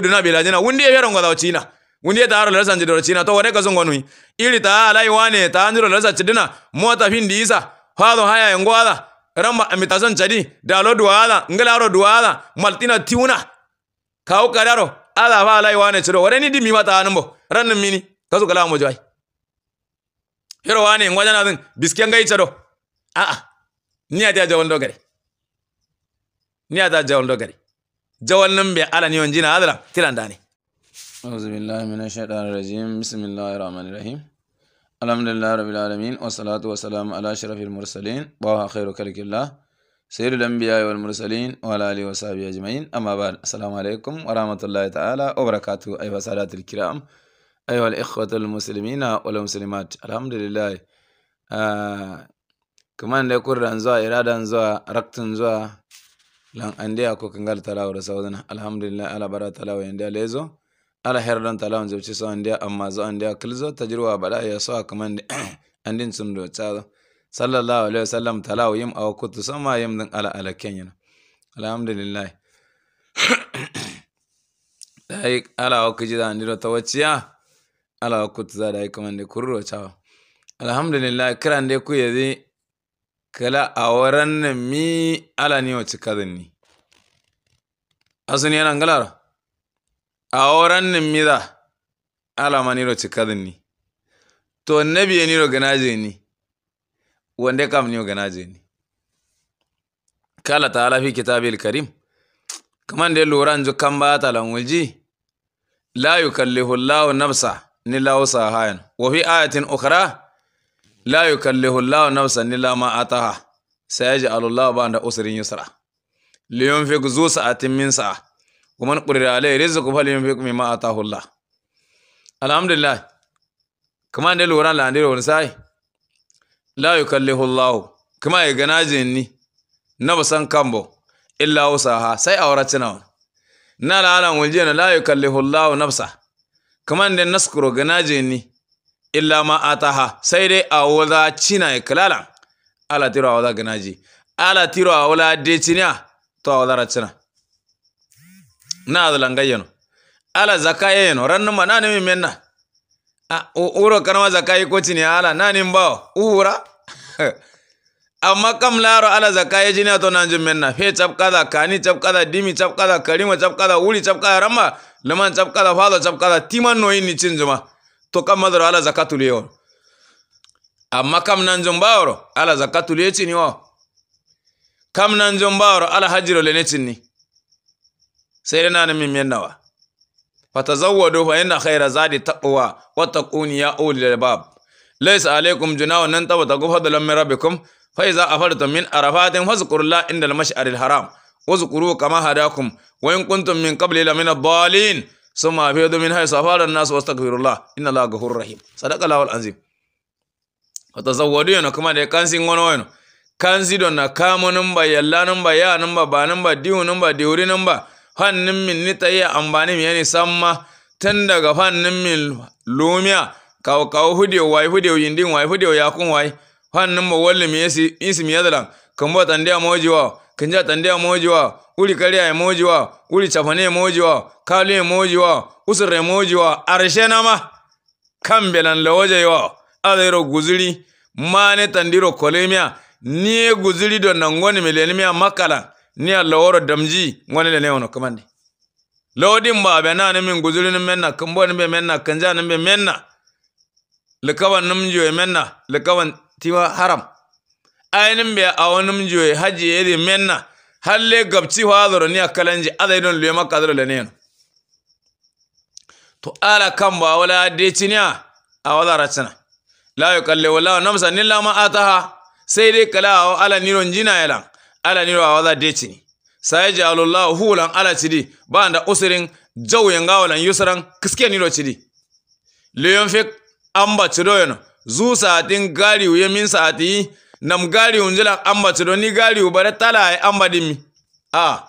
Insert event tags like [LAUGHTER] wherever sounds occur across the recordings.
duna bila jina wundi ya yero ngada china wundi e taro la sanje china to wone kazongo nui ili ta lai wane ta anjiro la chidina mota findi isa hado haya ngwala ramba amitason chadi dalo duala ngelaro duala maltina tiuna kau kararo ala fa lai wane chiro wore ni dimi mata anumbo rannin mini kazo kala mo jai hero wane ngwaja na din biske ngai chado a a ni ta jawon dogare ni ta jawon dogare جوال نمبي على نيون جينا هذا تلان داني أعوذ بالله من الشيطان الرجيم بسم الله الرحمن الرحيم الحمد لله رب العالمين والصلاة والسلام على شرف المرسلين طه خير كلك الله سير الأنبياء والمرسلين وعلى آله وصحبه أجمعين أما بعد السلام عليكم ورحمة الله تعالى وبركاته أيها السادة الكرام أيها الإخوة المسلمين والمسلمات الحمد لله آه كمان لكل أنزوا إرادة أنزوا ركت أنزوا lanɗe ako kangal talawo da sawdana alhamdulillah ala bara talawo yande ala don ala herɗon talawo jebce so andiya amma zo andiya kilzo tajirwa baɗa ya so a kamande [CLEARS THROAT] andin sumdo caɗo sallallahu alaihi wasallam talawo yim awa kutu sama yim ɗin ala ala kenyana alhamdulillah ɗayi [CLEARS THROAT] ala wa kujida andiro tawacciya ala wa kuttu za ɗayi kamande kurro cawa alhamdulillah kirande ku yedi kala nan mi alani wacikadani asuni ma ne wace kazan cikadani to nabi je ganajeni wanda kam je ganajeni kala ta ta'ala fi kitabil karim kaman de loran jo ta talan wulji la yukallihu llahu nafsa ni lawo sahayan wa fi ayatin ukhra la yukallihu Allahu nafsan illa ma ataha sayaj'alu ba ba'da usrin yusra liyunfiq zu sa'atin min sa'a wa man qadira alayhi rizquhu falyunfiq mimma atahu Allah alhamdulillah kuma ne lura la ndiro wani sai la yukallihu Allahu kuma ya gana ni na basan kambo illa wusaha sai auratina na la alan na la yukallihu Allahu nafsa kuma ne naskuro ganaje ni illa ma ataha sai dai a wala cina ya kalala ala tiro a wala ganaji ala tiro a wala de cina to a ra cina na nga yano ala zaka yano rannu ma nani min na a uro karama zaka yi ko ne ala nani ba ura [LAUGHS] amma kam laro ala zaka ya jini to nan jin menna fe da kani da dimi da karima chapkada uri chapkada rama laman da fado da timan noyin ni cin zuma. to kam madaro ala zakatul yo amma kam nan zombawro ala zakatul yecini wa kam nan zombawro ala hajiro lenecinni seyre nane min mennawa fatazawwadu fa inna khaira zadi taqwa wattaquni ya ulil albab laysa alaykum junahun nan tabtagu fadlan min rabbikum fa iza afartum min arafatin fazkurullaha inda al haram wasu wazkuru kama hadakum wa in kuntum min qabli lamina ad-dallin summa afidu min nasu wasu an-nas wastaghfirullah inna la ghafurur rahim sadaka lawal anzim zawadu yana kuma da kansi wani wani kansi don na kamo numba yalla numba ya numba ba numba nan ba dihu numba ba fannin min ni iya ambani mi yani samma tun daga fannin min lumiya kawo kawo hudiyo wai hudiyo yindin wai hudiyo yakun wai hannin mo wolle mi yesi isi mi yadala kambo tandia mojiwa kinja tandia mojiwa uri kariya mojiwa uri chafane mojiwa kalu mojiwa usure mojiwa na ma kambelan lawoje yo adero guziri mane tandiro kolemia ni guziri do nangoni milenimia makala ni allaworo damji ngoni lene ono kamandi lodin ba be na ni min guzuri ni menna kumbwa ni be menna kanja ni be menna likawan numjo menna likawan tiwa haram ainin be awonim joye haji yi menna halle gabci wadoro ni akalanji maka lema da leneno to ala kambo a detinia awala ratsana la yukalle wala namsa a ta ha sai dai kala a ala niro jina yalan ala niro awala ni sai jalallahu hulan ala ba da usirin jawyen gawalan yusran kiske niro tidi an fek amba tidoyono zu saatin gariu ye min saati nam gariu njilan amba tido ni gariu bare tala ay amba dimi a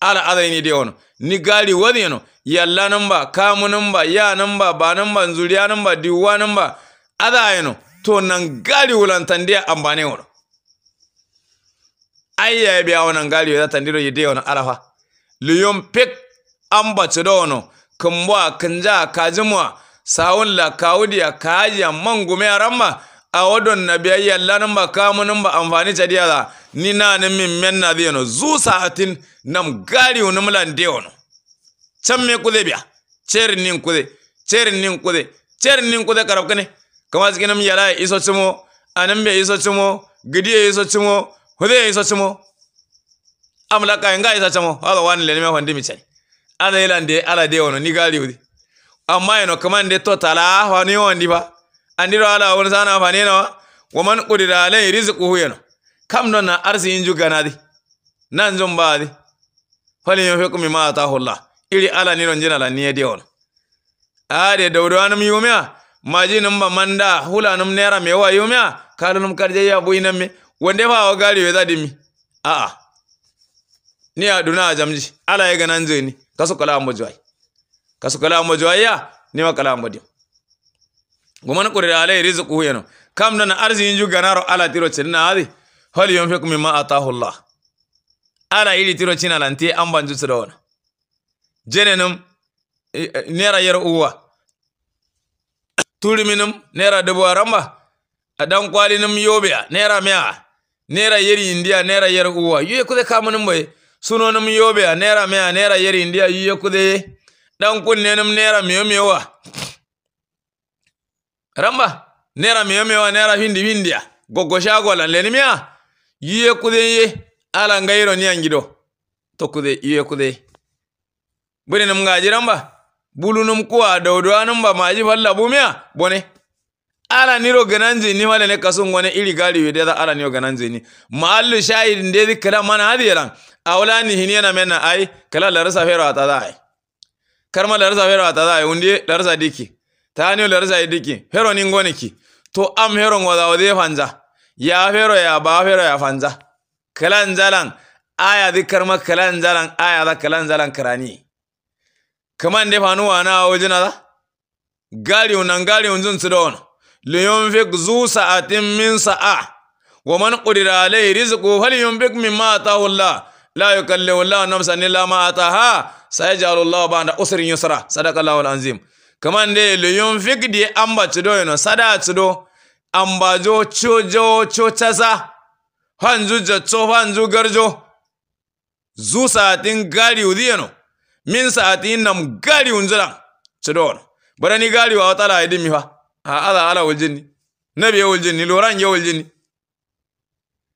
ala adaini de ono ni gari wani yano yalla nan ba kamu nan ba ya namba ba namba nan ba zuriya nan ba diwa nan ba ada yano to nan gari wulantan dia ambane wono ayya ya biya wannan gari ya tandiro yide wono arafa liyon pek amba tido wono kumba kanja kajimwa sawun la kawudiya mangu me aramma wadon na biyayya lanin ba kamunin ba amfani ta diya ni na ni min men na zai no zu sahatin nam gari wani mulan da yawon can me kuze biya cerin nin kuze cerin nin kuze cerin nin kuze karab kane kama cikin nam yala iso cimo nan bai iso cimo gidi ya iso cimo hude ya iso cimo amlaka yin ga iso cimo hada wani lalime wani dimi cai ala yi lande ala da yawon ni gari wani amma eno kamande to tala hani wondi ba dira ala wani sana fane no waman qudira alai hu yana kam don na arsi inju di nan ba di fali yo hukum ma ta hulla iri ala ni ron jinala ni edi on ade dawdo anum yumya maji num ba manda hula num nera me wa yumiya kalunum karje ya buinam me wande ba wa gari we mi a a ni aduna jamji ala ye ganan zeni kasu kala mu jwai kasu kala mo joya ni ma kala mo di na qurri alai hu yano kam nana arzi inju ganaro ala tiro cinna hadi hal yunfiq mimma atahu allah ala iri tiro cinna lanti an banju sirona jenenum nera yero uwa Tuliminum nera dubu aramba adan kwalinum yobe nera mea nera yeri india nera yero uwa yuye kude kamunum boy sunonum yobe nera mea nera yeri india yuye kude ɗan kunne nim naira miyo meyowa ramba naira meyo meyowa naira findi gogo goggo la leni miya yiye kude ye ala ngayiro to kude yiye kude bune num ngaji ramba bulu num kuwa dowdowa num ba maji falla bumiya bone ala niro gananze ni wale ne kaso ngone ili gali wede da ala niro gananze ni maallu shahid ndedi kala mana hadi yalan awlani hiniya na menna ay kala la rasa fero atada ay karma larsa fero ta za unde larsa diki ta ni larsa diki fero ni ngone ki to am fero ngoda ode fanza ya fero ya ba fero ya fanza kalan zalan aya di karma kalan zalan aya da kalan zalan karani kaman de fanu wana na da gari unan gari unzun liyon fik zu sa'atin min sa'a wa man qudira alayhi rizqu falyunfik mimma ataahu Allah la yukallifu Allah nafsan illa ma ataaha sayajalu allah ba'da usirin yusra sadaka allah alazim kaman de le yon fik di amba chido yono sada chido amba jo cho chochasa hanzu cho hanzu garjo zu saatin gari udi yono min saatin nam gari unjala chido yono barani gari wa tala idimi fa ha ala ala waljinni nabi wuljini loran ya wuljini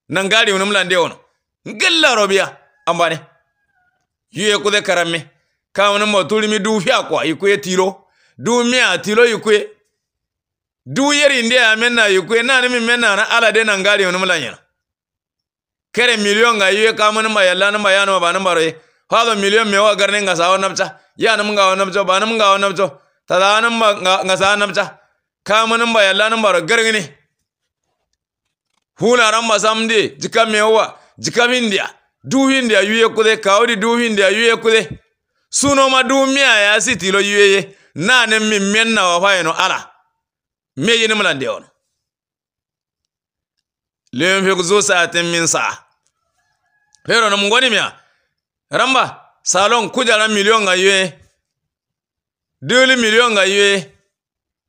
nan gari unum lande yono ngalla robiya ambane yuye kude karame mi motulimi fya kwa ikwe tiro dumia tiro ikwe du yeri ndi amena ikwe nani mena na ala de nangali onumulanyana kere miliyon ga yuye kamone mayalla na mayano ba nambare hado miliyon mewa garne nga sawa namcha ya nam nga wa namcho ba nam nga wa namcho tada nam nga sa namcha kamone mayalla na baro garngini hula ramba samdi jika mindia du hindi ayu yekude kawdi du hindi yuye yekude suno ma du miya ya sitilo na ne min menna wa fayno ala meyini mulande ono ko zu sa'atin min sa'a pero no mungoni miya ramba salon kujala miliyon ga yuye duli miliyon ga kare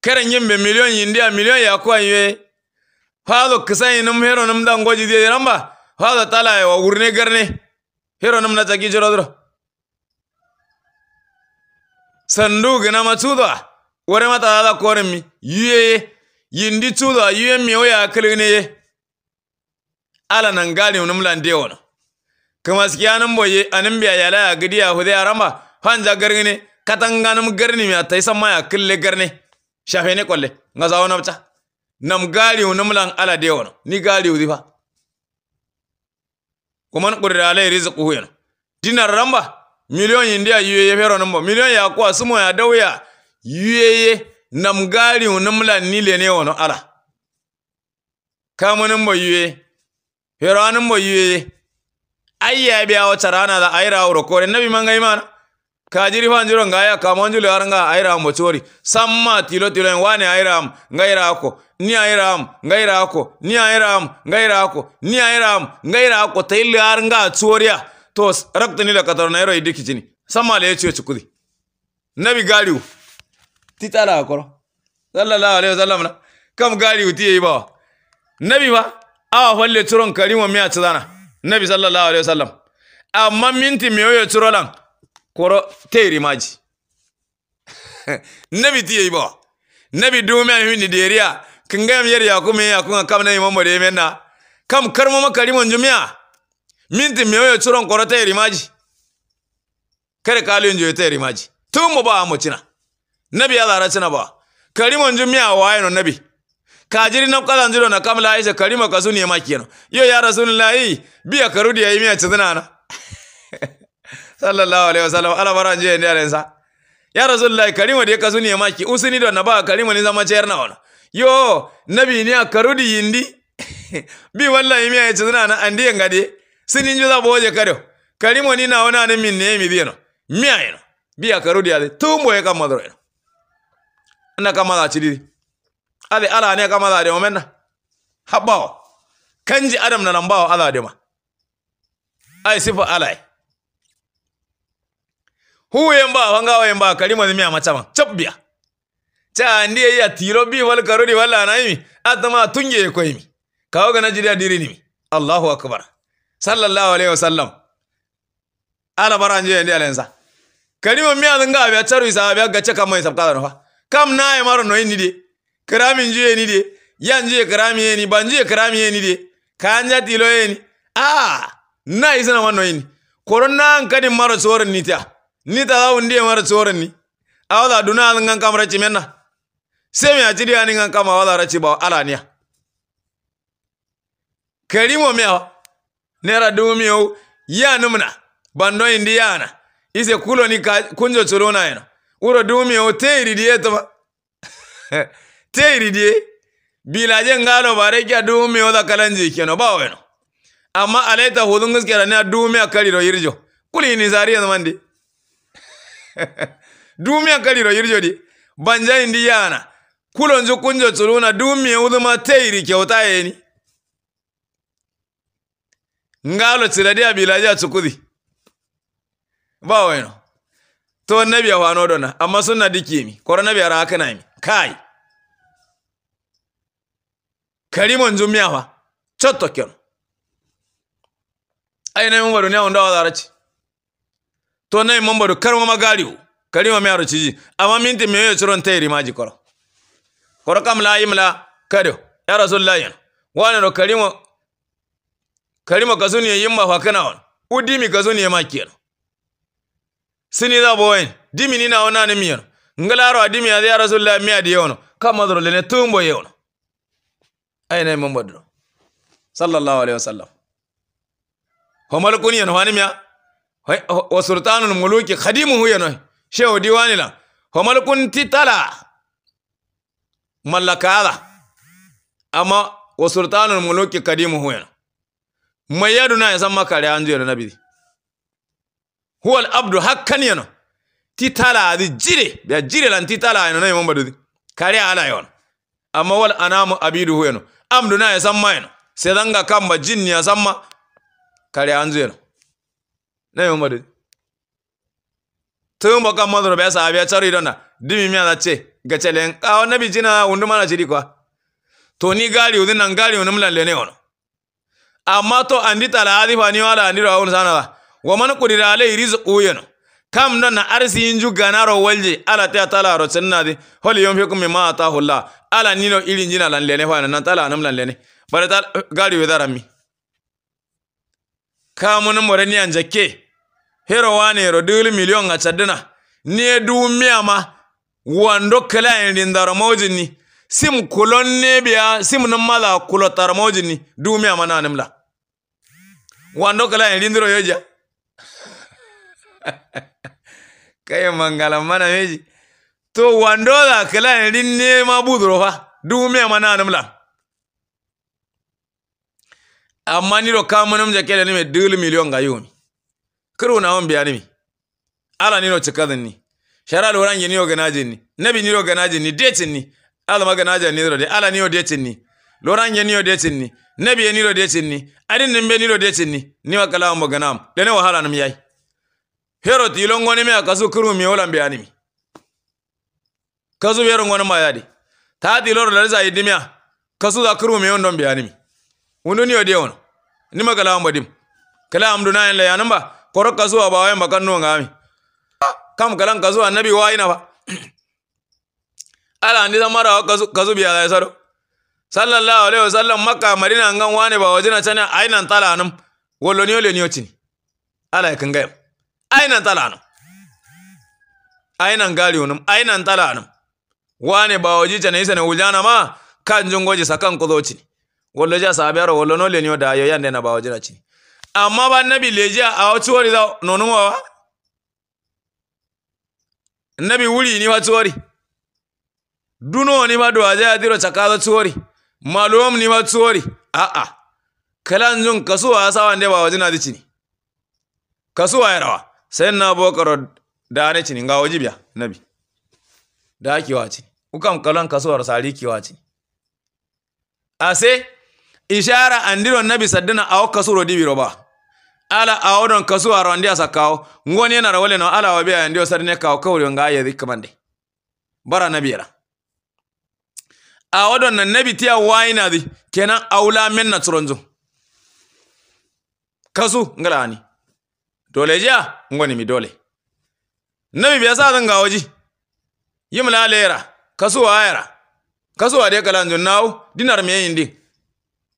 keren yimbe miliyon yindiya miliyon yakuwa yuyeye falo kisayi num hero num dangoji ramba hada tala wa gurne garne hero namna tagi jirodro sandu gina ma matsuda wore mata da koren mi yuye yindi tsuda yuye mi oya kalene ye ala nan gane unum lande wono kuma skiyanan boye anan biya yala ya gidi ya hude aramba hanja garne katanganum garni mi atai samma ya kille garne shafene kolle ngaza wona bta nam gari unum lan ala de wono ni gari udifa kuman qurra alai kuhu yana dinar ramba miliyon india yuyeye fero nambo, miliyon ya kuwa sumo ya dawya ya nam gari unamla nile ne wano ala Kamu nambo yuyeye fero nambo yuyeye ayya biya wata rana da ayra wuro kore nabi manga imana. kajiri njiro nga ya kamonjulu ya nga airam bochori samma tilo tilo en wane airam nga irako ni airam nga irako ni airam nga irako ni airam nga irako ili ar nga ya to raktani nila katar na ero idiki chini samma le chiyo chukudi nabi galiu titara koro sallallahu alaihi wasallam na kam galiu tiye ba nabi ba awa falle churon karimo miya chidana nabi sallallahu alaihi wasallam amma minti meyo churolan koro teri maji [LAUGHS] nabi tiye ibo nabi dume hin ni deriya kingam yer ya kuma ya kuma kama na momo de menna kam karmo makari mon jumiya minti mewo churon koro teri maji kare kali jo teri maji tun mu ba mu cina nabi ya zara cina ba karimon jumiya waye no nabi kajiri na kala njiro na kamla aisha karima kasuni ya makiyano yo ya rasulullahi biya karudi ya imiya chizana na [LAUGHS] sallallahu alaihi wasallam ala bara je ne alensa ya rasulullahi karima de kasu ne maki usini don na ba karima ni zama cayar na wala yo nabi ni karudi yindi [LAUGHS] bi wallahi mi ayi tsana na andi ngade sinin ju za boje kado karimu ni na wana ne min ne mi dino mi ayi no bi akarudi ade tumbo e kamadro na kamada chidi ade ala ne kamada de omenna habbawo kanji adam na nambawo ala de ma ai sifa alai mba wanga mba kalima zimia machama chopbia cha ndiye ya tirobi wala karori wala naimi atama tunge imi kawo gana jiri diri nimi Allahu akbar sallallahu alaihi wasallam ala baranje ndiye lensa. kalima miya zanga abya charu isa abya gacha kama isa kada nofa kam nae maro no inide kiramin njiye ni de yan kerami kirami yeni ban kerami kirami yeni de kanja tilo yeni ah na na wano yeni korona an kadi maro sorin nita ni ta za wundi mara tsoron ni a wala duna an gan kamar ci mena sai mai ajiri an gan kama wala race ba ala kari karimo mewa nera dumi yau ya numna bando indi yana ise kulo ni ka kunjo chorona yana uro dumi yau te iridie ba. [LAUGHS] te iridie bilaje ngalo bare kya dumi yau da kalanje keno ba weno amma alaita hudungus kera ne dumi miya ro irjo kuli ni zariya mandi [LAUGHS] dumia kaliro yirjodi banjani indi yana kulo nzu kunjo tsuluna dumie udhuma teiri kyauta ni. ngalo tsiladi abilaja tsukudhi eno. to nebi ya wanodona. dona amma sunna dikimi Koro nebi ya raka imi. kai Kalimo nzu wa. Choto kiono. aina yungwa dunia undawa dharachi. to nay mombado karma magaliu karima me aro chiji ama minti me yo chiron tayri maji koro koro kam la yimla kado ya rasulullah yan wana ro karima karima kazuni yimma fa kana on udimi kazuni ya makiyar sini da boyen dimi ni na ona ne miyar ngalaro adimi ya rasulullah mi adi yono kama dro lene tumbo yono ayna do sallallahu alaihi wasallam homal kuniyan wani miya wa sultanul muluki khadimuhu yano shehu diwani la wa malkun tala mallakala amma wa sultanul muluki khadimuhu yano mai yadu na yasan makare an jiya da nabi huwa al abdu hakkan yano titala adi jire biya jire lan titala yano na yamon badudi kare ala yano amma wal anamu abidu yano amdu na yasan ma yano sai zanga kan ma jinni yasan ma kare an yano. ne yomode tumbo ka modoro besa abia cari dona dimi mi ala ce gachelen a wani bi jina undu mana chiri kwa to ni gari udin nan gari unum lan lene ono amma to tala la adi fani wala andiro awun sana wa wa man qudira alai rizqu yano kam don na arsi inju ganaro walje ala ta tala ro di. holi yom fikum mimma ta hula. ala nino irin jina lan lene fa nan tala anum lan lene bare ta gari wedarami kamun moreni anjake hero wanero dili milion ga chadina ni du miama wando kala ni ndaro mojini sim kulon ne biya sim nan mala kulo tar mojini du miama na nimla wando kala ni ndiro yoja [LAUGHS] kay mangala mana meji to wando da kala ni ne ma budro fa du miama na nimla amani ni ro kamanum jakele ni me dili milion ga yomi kiro na on biyanimi ala nino cikadin ni sharal waran gini o ganajin ni nabi niro ganajin ni detin ni ala maga ni niro de ala niro detin ni loran geniro detin ni nabi e niro detin ni adin ni niro detin ni ni wa kala mo ganam dene wahala nam yayi hero ti longo ne me akasu kiro mi wala biyanimi kazu bero ngona ma yadi ta di loro la za dimiya. kasu za kiro mi wondon biyanimi ni o de wono ni magala mo dim kala amduna en la yanamba koro kasuwa ba wayan bakanno ngami kam kalan kazuwa nabi waina ba ala ni zamara kazu kazu biya lai saro sallallahu alaihi wasallam makka madina ngan wani ba wajina tana ainan talanum wollo ni ole ni otin ala kan ga ainan talanum ainan gari wonum ainan talanum Wani ba waji tana isa na uljana ma kan jungoji sakan kudoci wollo ja sabiyaro wollo no le ni da yo yande na ba wajina cini amma ba nabi leji a wati wari za nonun wawa nabi wuri ni wati wari, duno ni ma zai ja caka chakaza tuwori malum ni ma tuwori a a kalan jun kasuwa ya sawa ne ba na dici ne kasuwa ya rawa sai na bokaro da ne cini ga wajibiya nabi da kiwa ce ukam kalan kasuwar sari kiwa ce a sai ishara andiro nabi saddina a wakka suro dibiro ba ala awodon kasu aro ndia sakao ngoni na rawale no ala wabia ndio kawo kao kawri nga yedi kamande bara nabira awodon na nabi tiya waina di kenan aula min na tronzo kasu ngalani dole jiya ngoni mi dole nabi biya sa zan gawoji yimla lera kasu ayara kasu ade kalanjo nawo dinar me yindi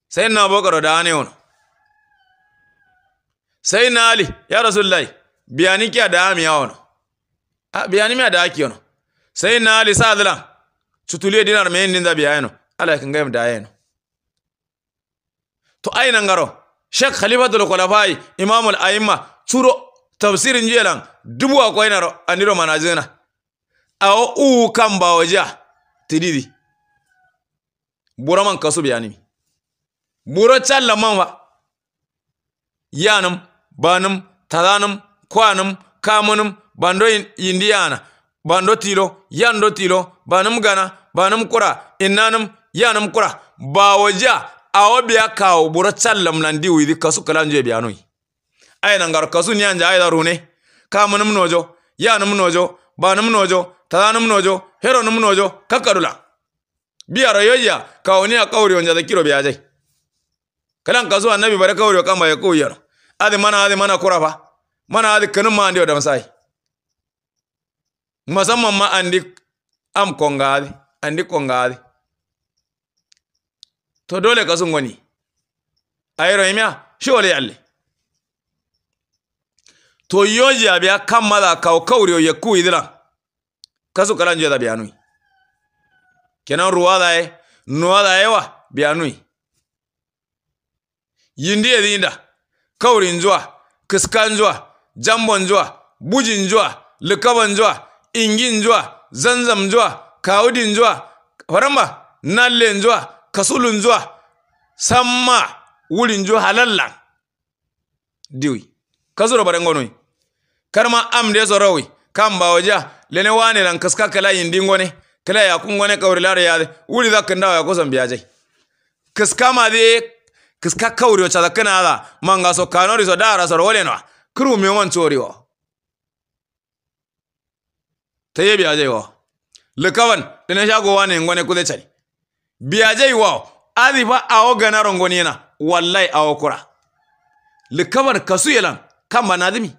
sai na bokaro da ane wono sai na ali ya rasulullahi biyani ki da mi yawono a biyani miya da aki yono sai na ali sa adlan tutule dinar me ninda biyayno ala kan gaim da yano to aina ngaro sheikh khalifatul khulafai imamul aima turo tafsirin jelan dubu akwai naro aniro manazina awo u kan bawaja tididi bura man kasu biyani buro challa man wa yanam banum tadanum kwanum kamunum bando indiyana bando tilo yando tilo banum gana banum kura innanum yanum kura bawaja awobiya kawo buro challam nandi widi kasu kalanje biyanoi ayna ngar kasu nyanja ayda rune kamunum nojo yanum nojo banum nojo tadanum nojo heronum nojo kakadula biyara yoyya kawoni a kawri on jada kiro biyajai kalan kasu annabi bare kawri o kamba ya yaro. adi mana adi mana kura fa mana adi kanun ma andi wadam sai musamman ma andi am konga adi andi konga adi to dole ka sun goni ayro imiya shi wale yalle to yoji ka kammala ka kawriyo yakku idira kasu kalan joda biyanui kenan ruwada e nuwada ewa biyanui yindi edinda kaurin zuwa kiskan zuwa jambon zuwa bujin zuwa likaban zuwa ingin zuwa zanzam zuwa kawudin zuwa faramba nallen zuwa kasulun zuwa samma wurin zuwa halallan diwi kasuro bare ngonoi karma amde sorowi kamba waja lene wane lan kaska kala yindi ngone kala ya kungone kawri lare yade wuri zakkan dawa ya kusan biyaje kaska ma de kiska kawrio cha kana ala manga so kanori so dara so roleno kru mi won chorio taye biya jai wa tene sha shago wane ngone kude chari biya jai wa adi fa awo gana rongoni na wallahi awo kura kawan kasu yelan kan banadimi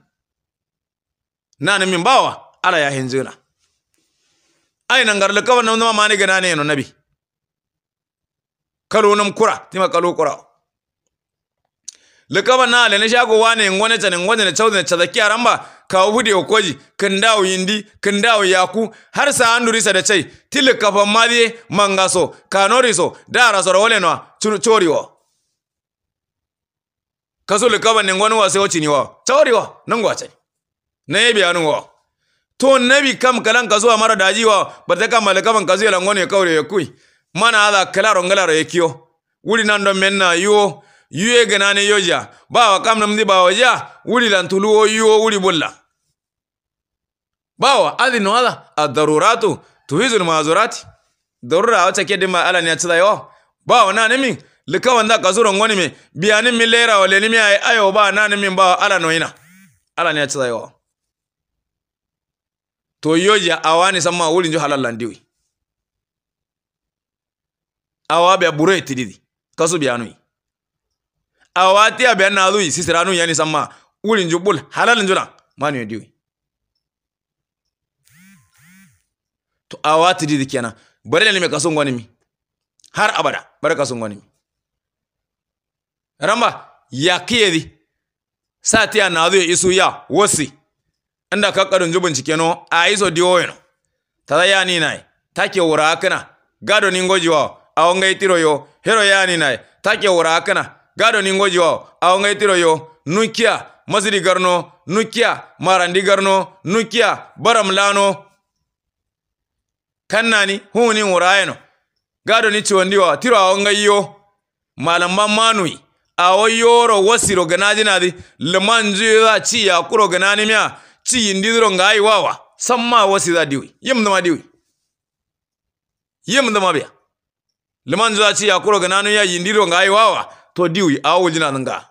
nani min bawa ala ya hinzira ai nan gar kawan nan ma mani gana ne no nabi kalu kura tima kalu kura lukaba na le ne shago wane ngone tane ngone ne chawde ne chadaki aramba ka wudi okoji kendao yindi kendao yaku har sa anduri sa da chai til kafa madi mangaso kanoriso dara soro wale no chori wa kaso lukaba ne ngone wase ochini wa. chori wa nangu achai na yebi anu wa. to nabi kam kalan kaso amara daji wa bataka ya langone ya kawri ya kui mana ala kalaro ngalaro yekio wuri nando menna yuo yuye genane yoja bawa kam namdi bawa ja wuli lantulu o yuo wuli bulla bawa adhi no adharuratu tuhizu ni mazurati darura wacha kedi ma ala ni achitha yo bawa na nemi lika wanda kazuro ngoni mi biani mi lera wale nimi mi ayo ba na nemi bawa ala no ina ala ni achitha yo to yoja awani sama wuli njo halal landiwi awabia bureti didi kasubi anui awati abia na azu isi nu yani njo ulin halal njo juna manu yadiwi to awati didi kenan bare ne me kason wani mi har abada bare kason nimi mi ramba ya kiyedi sati ya nazo ya isu ya wasi nda ka kadun jubin cike no a diwo yano tada ya ni nai take wura kana gado ningojiwa a wangai tiro yo hero ya ni take wura gado ni ngoji wao ngai ngaitiro yo nukia mazidi garno nukia marandi garno nukia baram lano kannani huni urayeno gado ni chiwandi wao tiro awo ngaiyo malam manui awo yoro wasiro ganaji nadi lemanji za chi ya kuro ganani mya chi indidiro ngai wawa samma wasi za diwi yim dama diwi yim dama biya lamanju za ci ya kuro ganani ya indidiro ngai wawa To diwi, todiwi awulina nunga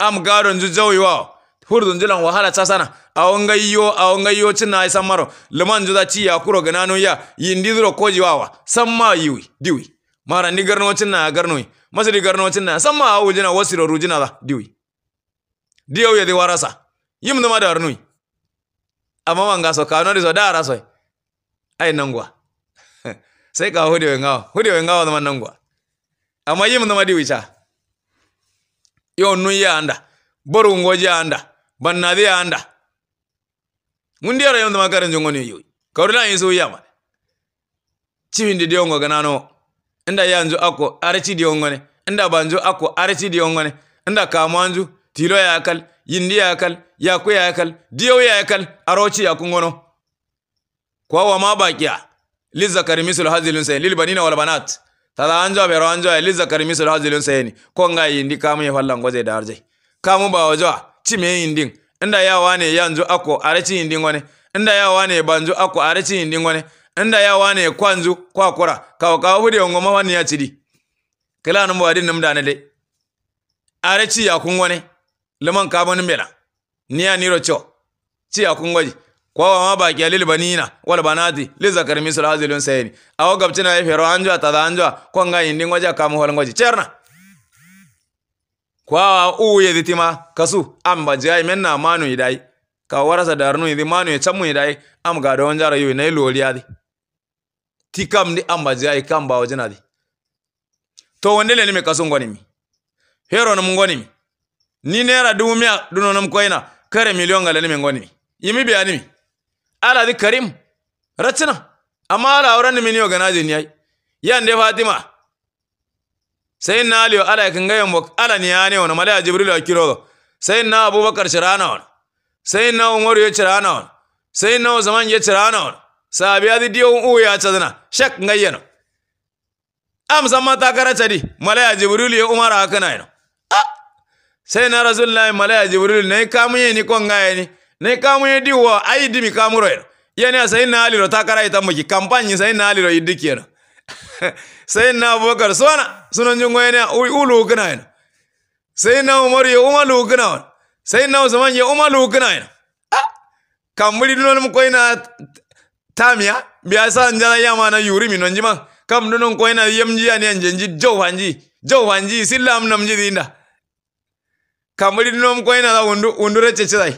am garon jujowiwa hurdun julan wahala chasana awangayyo awangayyo china ay sammaro leman juda chi kuro ganano ya yindidro koji wawa samma yiwi diwi mara ni garno yi masi di garno ya. samma awulina wasiro rujina da diwi diyo yedi warasa yimno madarnui amma wanga so kanori so dara so ai nangwa [LAUGHS] sai ka hudewe ngawa hudewe ngawa da nangwa amma yim na madi wicha yo nun ya anda boru ngoji ya anda bannadi ya anda ngundi ara yom na karin jongoni Kawai kawrila yin so yama chiwindi diongo ganano nda yanzu ako arachi diongone nda banzu ako arachi diongone nda kamanzu tilo ya akal yindi ya ya yaku ya akal diyo ya akal arochi ya kungono kwa wa mabakia lizakari misul hazilun sayin lil banina wal banat tala anjo be ranjo e liza karmi so hazilun ni ko nga yindi kamu ye fallan goje da arje kamu ba wajo cime yindin inda ya wane yanzu ako araci yindin wani inda ya wane banzu ako araci yindin wani inda ya wane kwanzu kwa kura kawo kawo bude ngo ma wani ya cidi kila nan wadin nan da ne dai araci ya kun wani liman kamu ni niya niro cho ci ya kun goji kwa wa maba ki lil banina wala banati li zakari la hazil unsayn awo gabtina e fero anjwa tada anjwa kwa nga indi ngoja kam wala ngoji cherna kwa wa uu ye dhitima kasu amba jai menna manu idai kwa warasa darnu idhi manu e chamu idai am gado onjara yu ina ilu uli adhi tika mdi amba jai kamba ba wajina di to wendele ni kasu ngo nimi hero na mungo nimi ninera dumia duno na mkwaina kare milionga ngala ni ngo nimi yimibia nimi ala di karim ratina amma ala auran gana organize ni yi. yan de fatima sai na aliyo ala kan ga yambo ala ni ya ne wani malaya jibril ya kiro sai na abubakar shirana wani sai na umaru ya shirana wani sai na zaman ya shirana wani sabiya di diyo u ya nga shak ngayyano am sama ta karata di malaya jibril ah! ya umara hakana yana sai na rasulullahi malaya jibril ne kamun ni kon ga ni ne kamu ye di wa ayi dimi kamu ro yani sai na aliro ta kara ita maki kampanyi sai na aliro iddi kenan [LAUGHS] sai na abubakar sona sunan jin goyi ne ulu kana yana sai na umar ya umalu kana wani sai na usman ya umalu kana yana ah! kamburi dunon mu koyi na tamiya biya sa njala yama na yuri mi non jima kam dunon koyi na yamji ani anjenji jau hanji jau hanji silam namji dinda kamburi dunon koyi na da undu undure cece dai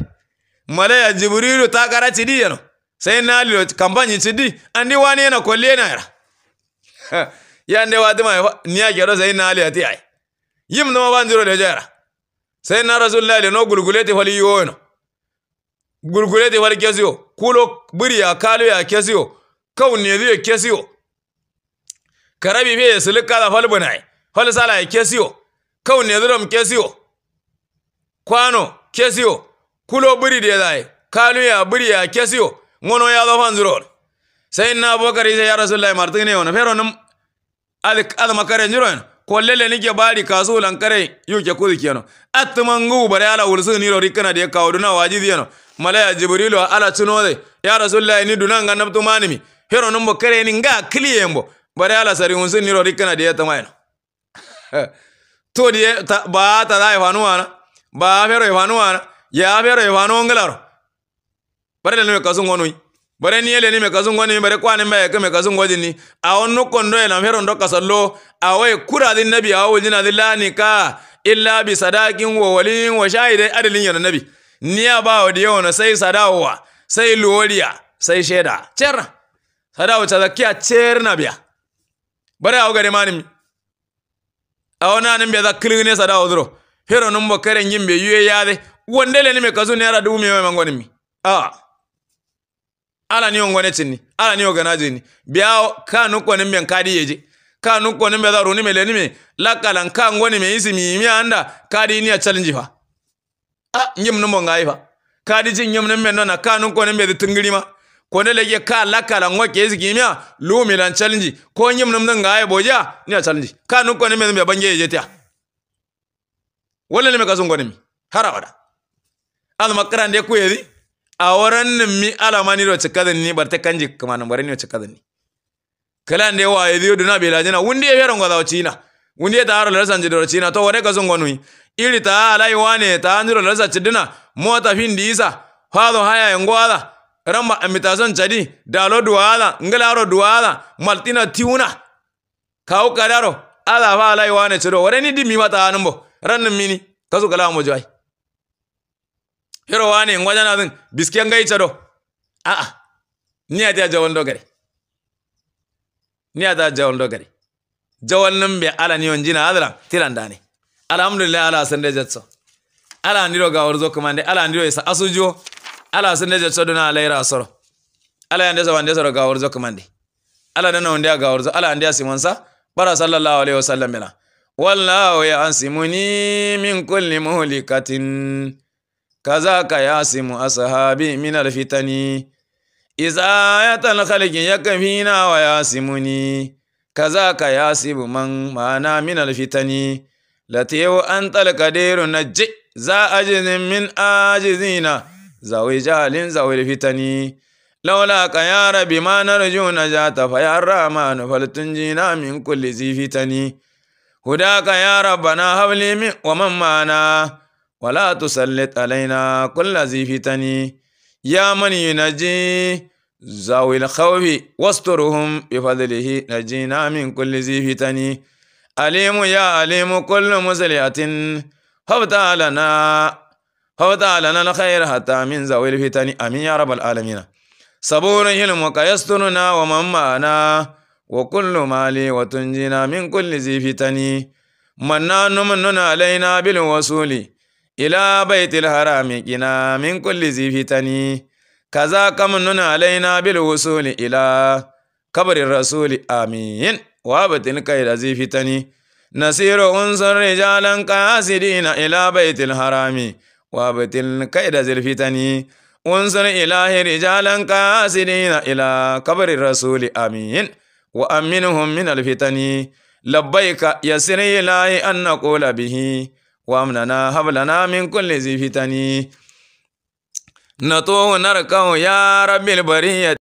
malaya jibrilu ta kara cidi yano sai na lilo kampanyi cidi andi wani yana kwalle na yara [LAUGHS] ya ndi wati ma niya kero sai na lilo ti ai yim no ban jiro da jara sai na rasulullah le no gulgule ti fali yo no gulgule ti fali kesiyo kulo buri ya kalu ya kesiyo kau ne zai kesiyo karabi fe sulika da fali bunai fali sala ya kesiyo kau ne zuram kesiyo kwano kesiyo kulo buri de dai kanu ya buri ya kesiyo ngono ya do sai na abubakar isa ya rasulullahi martine wona fero num alik ad makare ko lele ni ke bari kasu lankare ke kuzi keno atmangu bare ala wulsu ni ro rikana de kawduna wajibi yeno malaya jibrilu ala de ya rasulullahi ni dunanga nabtu manimi fero num bakare ni nga kliyembo bare ala sari wulsu ni ro rikana de tamayno [LAUGHS] to die ba ta dai e fanuwana ba fero e fanuwana ya yewanongelaro barele nime kasungoni bare me nime kasungoni bare kwani mbaye kime kasungodini awo nukondo ena mero ndo kasallo awo kura din nabi awo jina dilani ka illa bi sadakin wa walin wa shahide adalin yana nabi ya ba wa diyo na sai sadawa sai luwariya sai sheda cer sadawa ta zakia cer na biya bare awo gare manim awo nanin biya zakilin ne sadawa duro hero numbo karen nyimbe yuye yade wondele ni mekazu ni ara dumi yoye mangoni mi ah ala ni ongone chini ala ni oganaji ni biao kanu kwa nimbe nkadi yeje kanu kwa nimbe daru ni mele ni me lakala ngoni me isi mi mi anda kadi ni a challenge fa ah nyem no ngai fa kadi jin nyem nimbe na kanu kwa nimbe ditungirima kone lege ka lakala ngwa kezi kimia lumi lan challenge ko nyem nga ngai boja ni a challenge kanu kwa nimbe nimbe bange yeje tia wala ni mekazo ngoni mi harawada almakarande kuyedi awaran mi alamaniro ni barte kanji ni kamana barenio cikkadanni kalande wayedio duna belajina wundi yerongodawo cina wundi ye taaro lara sanjidoro cina to wone kasongonui ili ta alai wane taanjiro lara sacidina mota findiisa hado haya yengoada ramba amitason cadi dalo duwada ngilaro duwada maltina tiuna kawu kadaro ala fa alai wane cido wareni dimmi mata anumbo ran mini kasu kala mo Hero wani en wañana ɗum biski en gayca ɗo aa niyata ya ɗo gari niyata jawol ɗo gari jawol num ɓe ala ni on jina adala tirandani alhamdulillah ala sende jetso ala ndiro gawor zokkumande ala ndiro e sa asuju o ala sende jetso ɗona alayra soro ala ya ndesa wa ndesoro gawor zokkumande ala nana onde a gawor zo ala ande a simon sa ɓara sallallahu alayhi wa sallam bela wallahu ya ansimuni min kulli muhlikatin kaza ka ya simu a sahabi minar fitani iza ya ya kan fina wa ya simu ni kaza ka ya simu man mana minar fitani latewo an talkadero na je za a min ajizina zawai jahalin zawai fitani laula ka ya rabi ma na rajo na ja ta fayar rama jina min kulli zifitani huda ka ya rabba na min wa man mana ولا تسلط علينا كل ذي فتني يا من ينجي ذوي الخوف واسترهم بفضله نجينا من كل ذي فتني عليم يا عليم كل مسلحة هبتا لنا هبتا لنا الخير حتى من ذوي الفتن امين يا رب العالمين صبور علمك يسترنا ومن معنا وكل مالي وتنجينا من كل ذي فتني منان منن علينا بالوصول إلى بيت الحرام قنا من كل ذي فتن كذا كمن علينا بالوصول إلى قبر الرسول آمين وابتن كيد ذي فتن نسير أنصر رجالا قاسدين إلى بيت الحرام وابتن كيد ذي الفتن أنصر إله رجالا قاسدين إلى قبر الرسول آمين وأمنهم من الفتن لبيك يسر إلهي أن نقول به wa munana haba na amin kulle zai ni na tsohon narakan wa yara mbalimbali ya